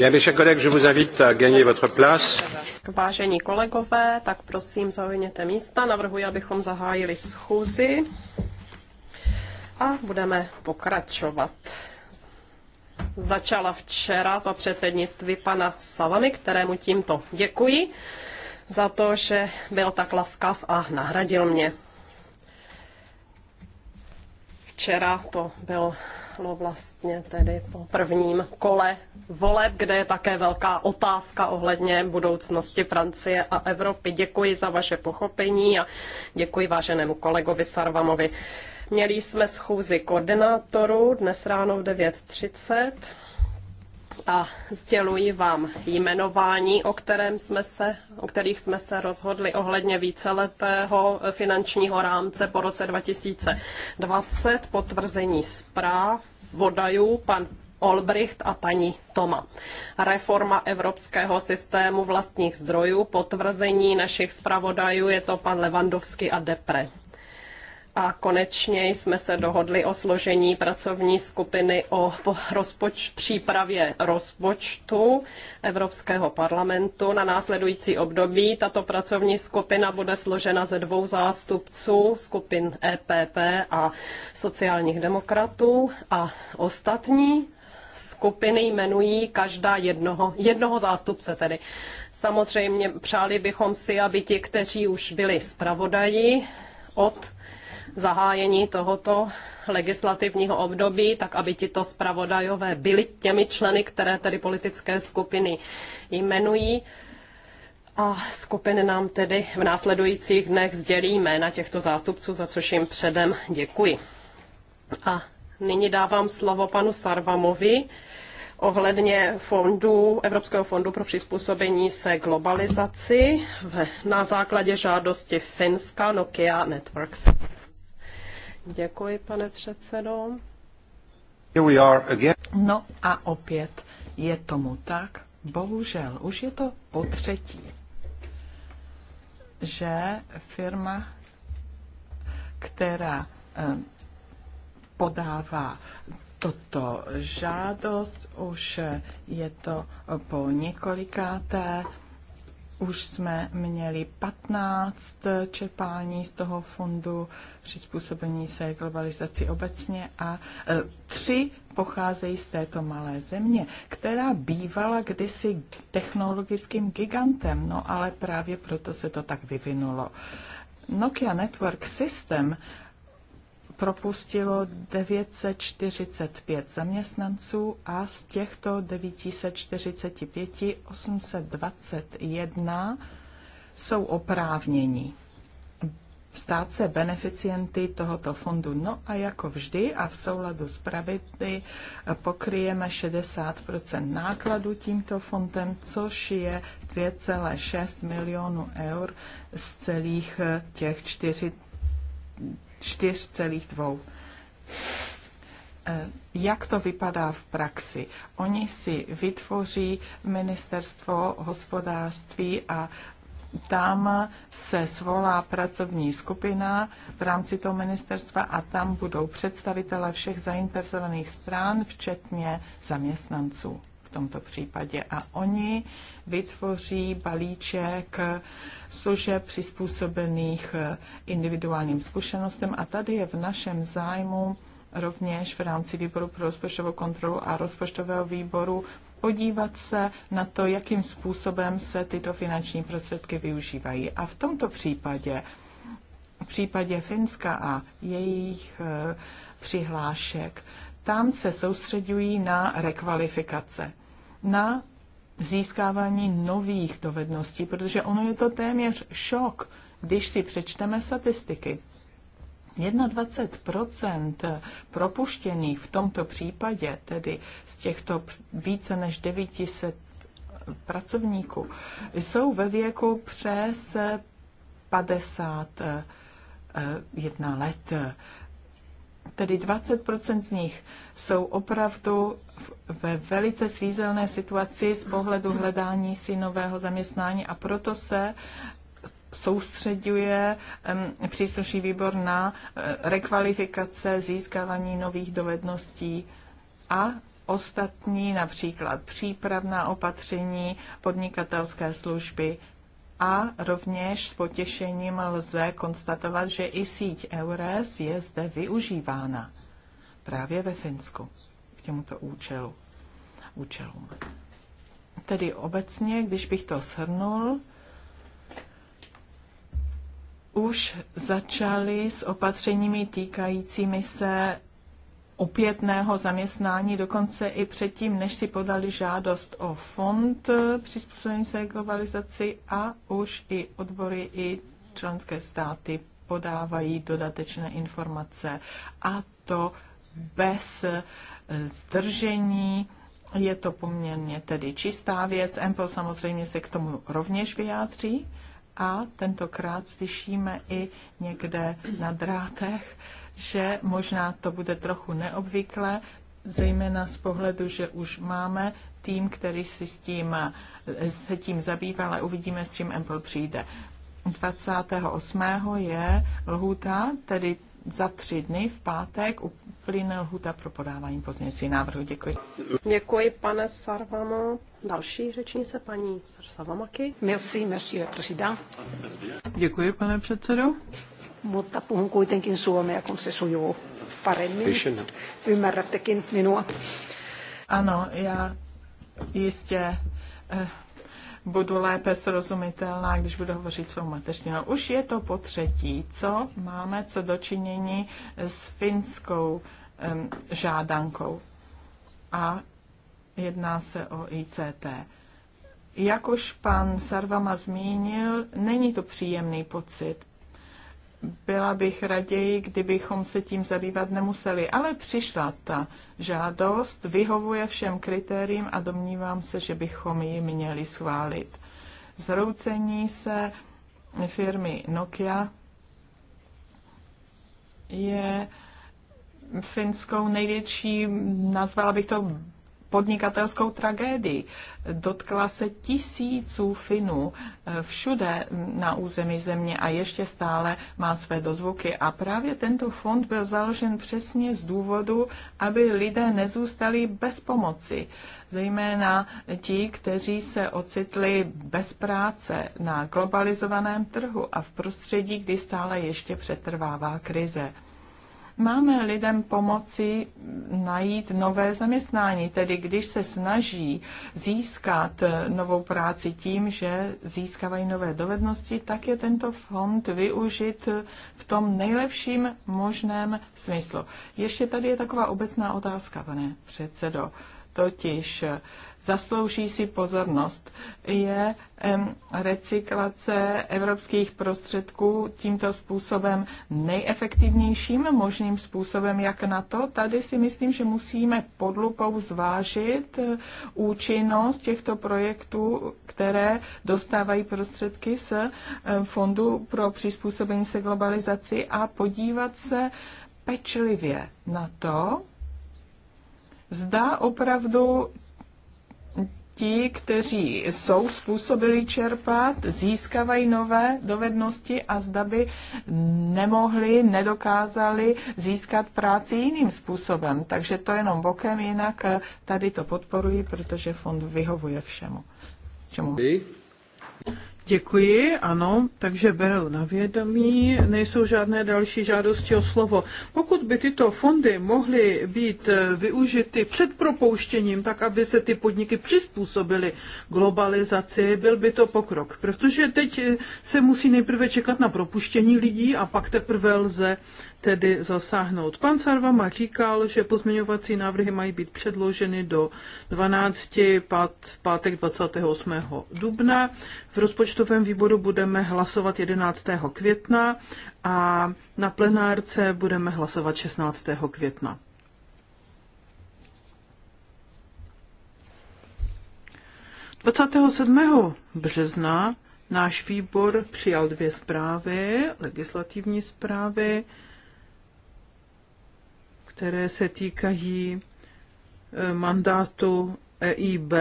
Bien, mes chers collègues, je vous invite à gagner votre Vážení kolegové, tak prosím zaujměte místa. Navrhuji, abychom zahájili schůzi a budeme pokračovat. Začala včera za předsednictví pana Savany, kterému tímto děkuji za to, že byl tak laskav a nahradil mě. Včera to bylo no, vlastně tedy po prvním kole voleb, kde je také velká otázka ohledně budoucnosti Francie a Evropy. Děkuji za vaše pochopení a děkuji váženému kolegovi Sarvamovi. Měli jsme schůzi koordinátorů dnes ráno v 9.30 a sděluji vám jmenování, o, kterém jsme se, o kterých jsme se rozhodli ohledně víceletého finančního rámce po roce 2020, potvrzení zpráv, vodajů, pan Olbricht a paní Toma. Reforma evropského systému vlastních zdrojů, potvrzení našich zpravodajů, je to pan Levandovský a Depre. A konečně jsme se dohodli o složení pracovní skupiny o rozpoč- přípravě rozpočtu Evropského parlamentu na následující období. Tato pracovní skupina bude složena ze dvou zástupců skupin EPP a sociálních demokratů a ostatní skupiny jmenují každá jednoho, jednoho zástupce tedy. Samozřejmě přáli bychom si, aby ti, kteří už byli zpravodaji od zahájení tohoto legislativního období, tak aby tito zpravodajové byli těmi členy, které tedy politické skupiny jmenují. A skupiny nám tedy v následujících dnech sdělí jména těchto zástupců, za což jim předem děkuji. A nyní dávám slovo panu Sarvamovi ohledně fondu, Evropského fondu pro přizpůsobení se globalizaci v, na základě žádosti Finska Nokia Networks. Děkuji, pane předsedo. Here we are again. No a opět je tomu tak, bohužel, už je to po třetí, že firma, která eh, podává toto žádost, už je to po několikáté, už jsme měli 15 čerpání z toho fondu přizpůsobení se globalizaci obecně a e, tři pocházejí z této malé země, která bývala kdysi technologickým gigantem, no ale právě proto se to tak vyvinulo. Nokia Network System propustilo 945 zaměstnanců a z těchto 945 821 jsou oprávnění stát se beneficienty tohoto fondu. No a jako vždy a v souladu s pravidly pokryjeme 60 nákladů tímto fondem, což je 2,6 milionů eur z celých eh, těch 4 4,2. Eh, jak to vypadá v praxi? Oni si vytvoří ministerstvo hospodářství a tam se svolá pracovní skupina v rámci toho ministerstva a tam budou představitele všech zainteresovaných stran, včetně zaměstnanců tomto případě. A oni vytvoří balíček služeb přizpůsobených eh, individuálním zkušenostem a tady je v našem zájmu rovněž v rámci výboru pro rozpočtovou kontrolu a rozpočtového výboru podívat se na to, jakým způsobem se tyto finanční prostředky využívají. A v tomto případě, v případě Finska a jejich e, přihlášek, tam se soustředují na rekvalifikace na získávání nových dovedností, protože ono je to téměř šok, když si přečteme statistiky. 21 propuštěných v tomto případě, tedy z těchto více než 900 pracovníků, jsou ve věku přes 51 eh, let. Tedy 20% z nich jsou opravdu ve velice svízelné situaci z pohledu hledání si nového zaměstnání a proto se soustředuje příslušný výbor na eh, rekvalifikace, získávání nových dovedností a ostatní, například přípravná opatření, podnikatelské služby a rovněž s potěšením lze konstatovat, že i síť EURES je zde využívána právě ve Finsku k těmuto účelu, účelům. Tedy obecně, když bych to shrnul, už začali s opatřeními týkajícími se opětného zaměstnání, dokonce i předtím, než si podali žádost o fond eh, přizpůsobení se globalizaci a už i odbory, i členské státy podávají dodatečné informace a to bez eh, zdržení. Je to poměrně tedy čistá věc. Empel samozřejmě se k tomu rovněž vyjádří a tentokrát slyšíme i někde na drátech, že možná to bude trochu neobvyklé, zejména z pohledu, že už máme tým, který si s tím, se tím zabývá, ale uvidíme, s čím Apple přijde. 28. je lhůta, tedy za tři dny v pátek uplyne lhůta pro podávání pozměňovacích návrhů. Děkuji. Děkuji, pane Sarvamo. Další řečnice, paní Sarvamaky. Merci, monsieur président. Děkuji, pane předsedo mutta puhun kuitenkin suomea, kun se sujuu paremmin. Ymmärrättekin minua. Ano, ja jistě eh, budu lépe srozumitelná, když budu hovořit svou mateřštinou. Už je to po třetí, co máme co dočinění s finskou eh, žádankou. A jedná se o ICT. Jak už pan Sarvama zmínil, není to příjemný pocit, byla bych raději, kdybychom se tím zabývat nemuseli. Ale přišla ta žádost, vyhovuje všem kritériím a domnívám se, že bychom ji měli schválit. Zroucení se firmy Nokia je finskou největší, nazvala bych to podnikatelskou tragédii. Dotkla se tisíců Finů eh, všude na území země a ještě stále má své dozvuky. A právě tento fond byl založen přesně z důvodu, aby lidé nezůstali bez pomoci. Zejména ti, kteří se ocitli bez práce na globalizovaném trhu a v prostředí, kdy stále ještě přetrvává krize. Máme lidem pomoci najít nové zaměstnání, tedy když se snaží získat eh, novou práci tím, že získávají nové dovednosti, tak je tento fond využit eh, v tom nejlepším možném smyslu. Ještě tady je taková obecná otázka, pane předsedo totiž zaslouží si pozornost, je recyklace evropských prostředků tímto způsobem nejefektivnějším možným způsobem, jak na to. Tady si myslím, že musíme pod lupou zvážit eh, účinnost těchto projektů, které dostávají prostředky z eh, Fondu pro přizpůsobení se globalizaci a podívat se pečlivě na to, zda opravdu ti, kteří jsou způsobili čerpat, získávají nové dovednosti a zda by nemohli, nedokázali získat práci jiným způsobem. Takže to jenom bokem, jinak eh, tady to podporuji, protože fond vyhovuje všemu. Čemu? Děkuji, ano, takže beru na vědomí, nejsou žádné další žádosti o slovo. Pokud by tyto fondy mohly být eh, využity před propouštěním, tak aby se ty podniky přizpůsobily globalizaci, byl by to pokrok. Protože teď eh, se musí nejprve čekat na propuštění lidí a pak teprve lze tedy zasáhnout. Pan Sarvama říkal, že pozměňovací návrhy mají být předloženy do 12. Pát, pátek 28. dubna. V rozpočtovém výboru budeme hlasovat 11. května a na plenárce budeme hlasovat 16. května. Dvacátého března náš výbor přijal dvě zprávy, legislativní zprávy které se týkají eh, mandátu EIB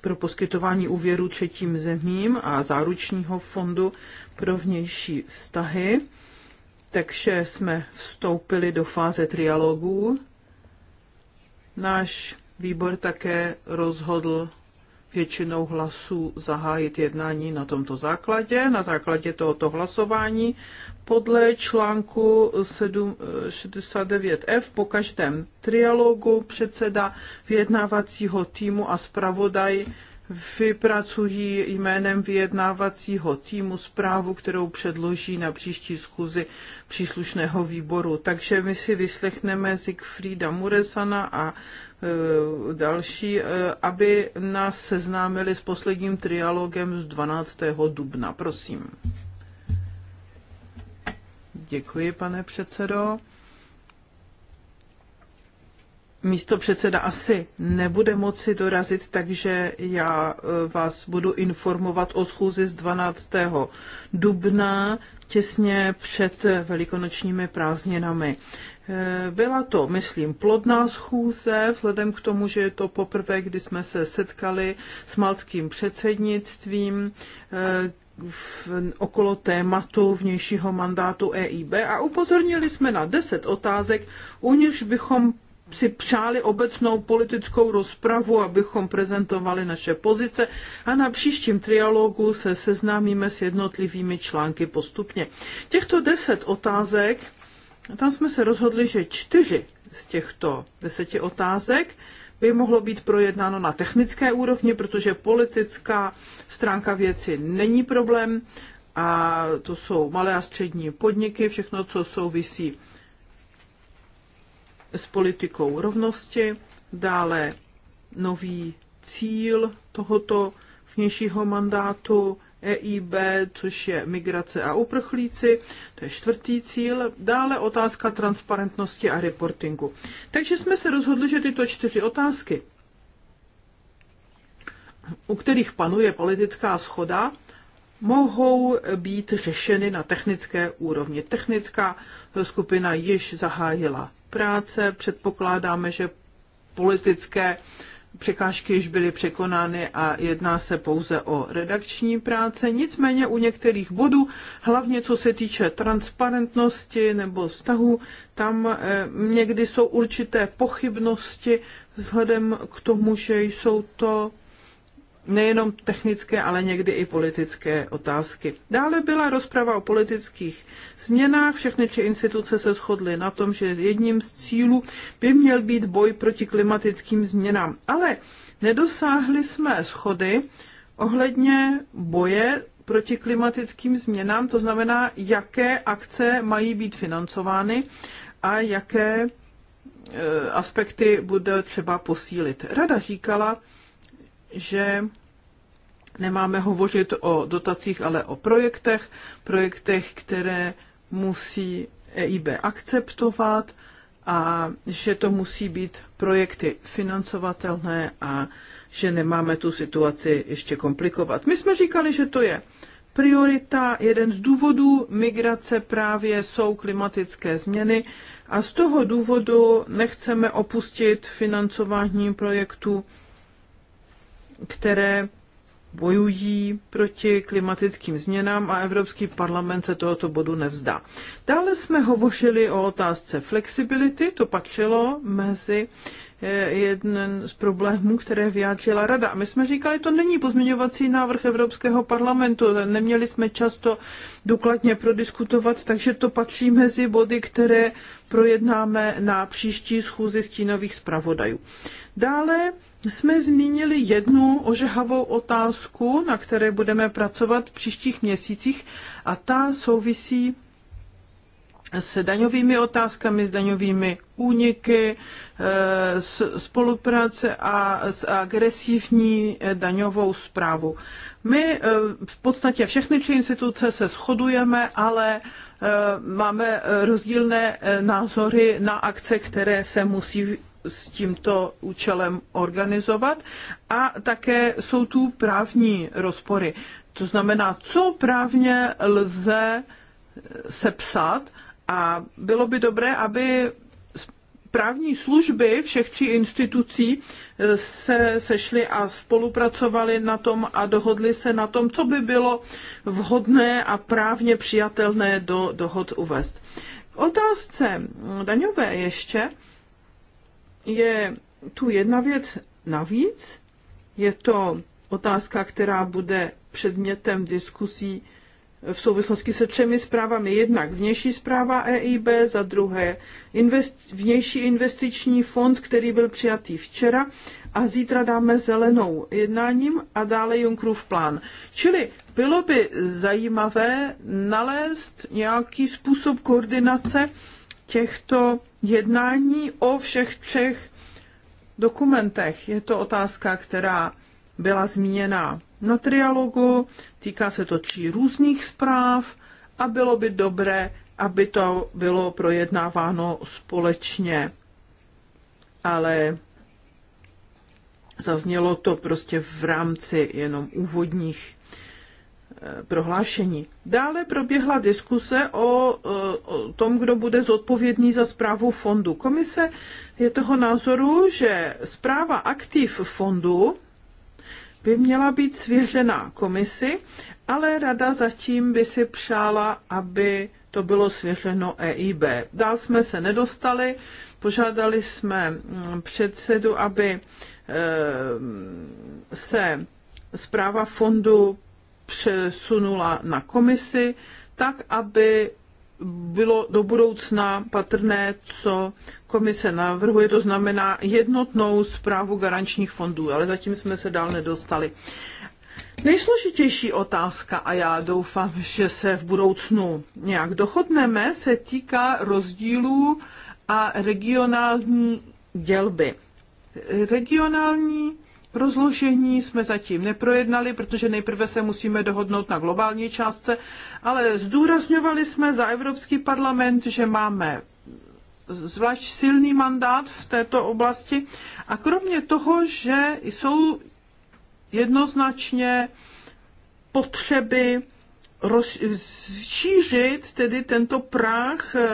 pro poskytování úvěru třetím zemím a záručního fondu pro vnější vztahy. Takže jsme vstoupili do fáze trialogů. Náš výbor také rozhodl většinou hlasů zahájit jednání na tomto základě, na základě tohoto hlasování podle článku 69F po každém trialogu předseda vyjednávacího týmu a zpravodaj vypracují jménem vyjednávacího týmu zprávu, kterou předloží na příští schůzi příslušného výboru. Takže my si vyslechneme Siegfrieda Muresana a Eh, další, eh, aby nás seznámili s posledním trialogem z 12. dubna. Prosím. Děkuji, pane předsedo. Místo předseda asi nebude moci dorazit, takže já eh, vás budu informovat o schůzi z 12. dubna těsně před velikonočními prázdninami. Eh, byla to, myslím, plodná schůze, vzhledem k tomu, že je to poprvé, kdy jsme se setkali s malckým předsednictvím, eh, v, okolo tématu vnějšího mandátu EIB a upozornili jsme na deset otázek, u nichž bychom si přáli obecnou politickou rozpravu, abychom prezentovali naše pozice a na příštím trialogu se seznámíme s jednotlivými články postupně. Těchto deset otázek a tam jsme se rozhodli, že čtyři z těchto deseti otázek by mohlo být projednáno na technické úrovni, protože politická stránka věci není problém a to jsou malé a střední podniky, všechno, co souvisí s politikou rovnosti, dále nový cíl tohoto vnějšího mandátu, EIB, což je migrace a uprchlíci, to je čtvrtý cíl, dále otázka transparentnosti a reportingu. Takže jsme se rozhodli, že tyto čtyři otázky, u kterých panuje politická schoda, mohou být řešeny na technické úrovni. Technická skupina již zahájila práce, předpokládáme, že politické překážky již byly překonány a jedná se pouze o redakční práce. Nicméně u některých bodů, hlavně co se týče transparentnosti nebo vztahu, tam eh, někdy jsou určité pochybnosti vzhledem k tomu, že jsou to nejenom technické, ale někdy i politické otázky. Dále byla rozprava o politických změnách. Všechny tři instituce se shodly na tom, že jedním z cílů by měl být boj proti klimatickým změnám. Ale nedosáhli jsme schody ohledně boje proti klimatickým změnám, to znamená, jaké akce mají být financovány a jaké e, aspekty bude třeba posílit. Rada říkala, že nemáme hovořit o dotacích, ale o projektech, projektech, které musí EIB akceptovat a že to musí být projekty financovatelné a že nemáme tu situaci ještě komplikovat. My jsme říkali, že to je priorita, jeden z důvodů migrace právě jsou klimatické změny a z toho důvodu nechceme opustit financování projektů které bojují proti klimatickým změnám a Evropský parlament se tohoto bodu nevzdá. Dále jsme hovořili o otázce flexibility, to patřilo mezi eh, jeden z problémů, které vyjádřila rada. my jsme říkali, to není pozměňovací návrh Evropského parlamentu, neměli jsme často důkladně prodiskutovat, takže to patří mezi body, které projednáme na příští schůzi stínových zpravodajů. Dále jsme zmínili jednu ožehavou otázku, na které budeme pracovat v příštích měsících a ta souvisí s daňovými otázkami, s daňovými úniky, e, s spolupráce a s agresivní daňovou zprávu. My e, v podstatě všechny tři instituce se shodujeme, ale e, máme rozdílné názory na akce, které se musí s tímto účelem organizovat a také jsou tu právní rozpory. To znamená, co právně lze sepsat a bylo by dobré, aby právní služby všech tří institucí eh, se sešly a spolupracovali na tom a dohodli se na tom, co by bylo vhodné a právně přijatelné do dohod uvést. K otázce daňové ještě je tu jedna věc navíc. Je to otázka, která bude předmětem diskusí v souvislosti se třemi zprávami. Jednak vnější zpráva EIB, za druhé invest, vnější investiční fond, který byl přijatý včera a zítra dáme zelenou jednáním a dále Junkrův plán. Čili bylo by zajímavé nalézt nějaký způsob koordinace těchto jednání o všech třech dokumentech. Je to otázka, která byla zmíněna na trialogu, týká se to tří různých zpráv a bylo by dobré, aby to bylo projednáváno společně. Ale zaznělo to prostě v rámci jenom úvodních Eh, prohlášení. Dále proběhla diskuse o, eh, o tom, kdo bude zodpovědný za zprávu fondu. Komise je toho názoru, že zpráva aktiv fondu by měla být svěřena komisi, ale rada zatím by si přála, aby to bylo svěřeno EIB. Dál jsme se nedostali, požádali jsme mm, předsedu, aby eh, se zpráva fondu přesunula na komisi, tak aby bylo do budoucna patrné, co komise navrhuje, to znamená jednotnou zprávu garančních fondů, ale zatím jsme se dál nedostali. Nejsložitější otázka, a já doufám, že se v budoucnu nějak dohodneme, se týká rozdílů a regionální dělby. Regionální Rozložení jsme zatím neprojednali, protože nejprve se musíme dohodnout na globální částce, ale zdůrazňovali jsme za Evropský parlament, že máme zvlášť silný mandát v této oblasti a kromě toho, že jsou jednoznačně potřeby rozšířit tedy tento práh eh,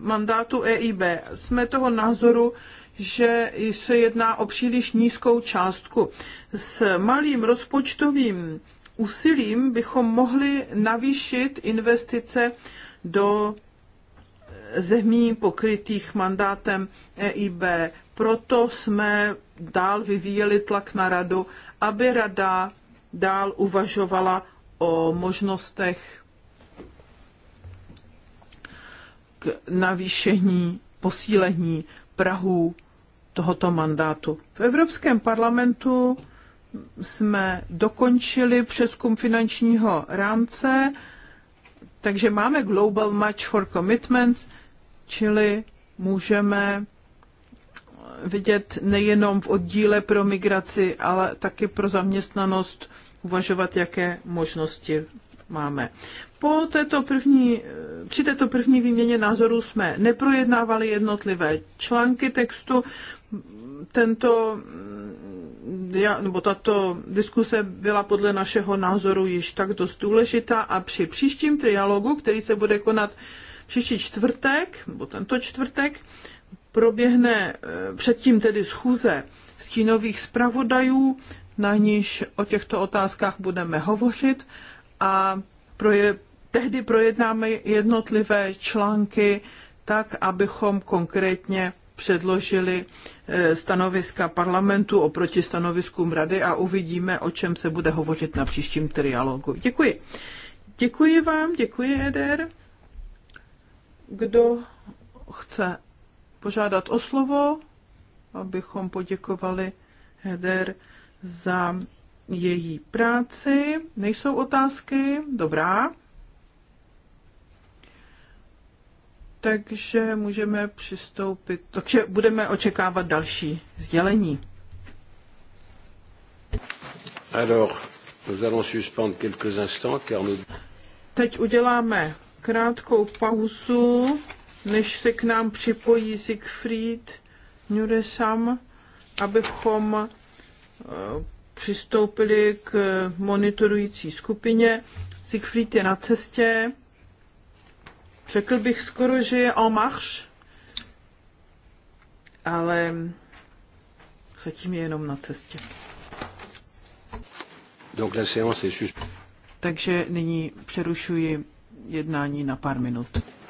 mandátu EIB. Jsme toho názoru, že se jedná o příliš nízkou částku. S malým rozpočtovým úsilím bychom mohli navýšit investice do zemí pokrytých mandátem EIB. Proto jsme dál vyvíjeli tlak na radu, aby rada dál uvažovala o možnostech k navýšení, posílení Prahu tohoto mandátu. V Evropském parlamentu jsme dokončili přeskum finančního rámce, takže máme Global Match for Commitments, čili můžeme vidět nejenom v oddíle pro migraci, ale taky pro zaměstnanost uvažovat, jaké možnosti máme. Po této první, při této první výměně názorů jsme neprojednávali jednotlivé články textu. Tento, nebo tato diskuse byla podle našeho názoru již tak dost důležitá a při příštím trialogu, který se bude konat příští čtvrtek, nebo tento čtvrtek, proběhne eh, předtím tedy schůze stínových zpravodajů, na níž o těchto otázkách budeme hovořit a proje, tehdy projednáme jednotlivé články tak, abychom konkrétně předložili eh, stanoviska parlamentu oproti stanoviskům rady a uvidíme, o čem se bude hovořit na příštím trialogu. Děkuji. Děkuji vám, děkuji Eder. Kdo chce požádat o slovo, abychom poděkovali Eder za její práci. Nejsou otázky? Dobrá. Takže můžeme přistoupit, takže budeme očekávat další sdělení. Alors, nous allons suspendre quelques instants, car nous... Teď uděláme krátkou pauzu, než se k nám připojí Siegfried Nuresam, abychom eh, přistoupili k monitorující skupině. Siegfried je na cestě. Řekl bych skoro, že je en marche, ale zatím je jenom na cestě. Donc la séance est juste... Takže nyní přerušuji jednání na pár minut.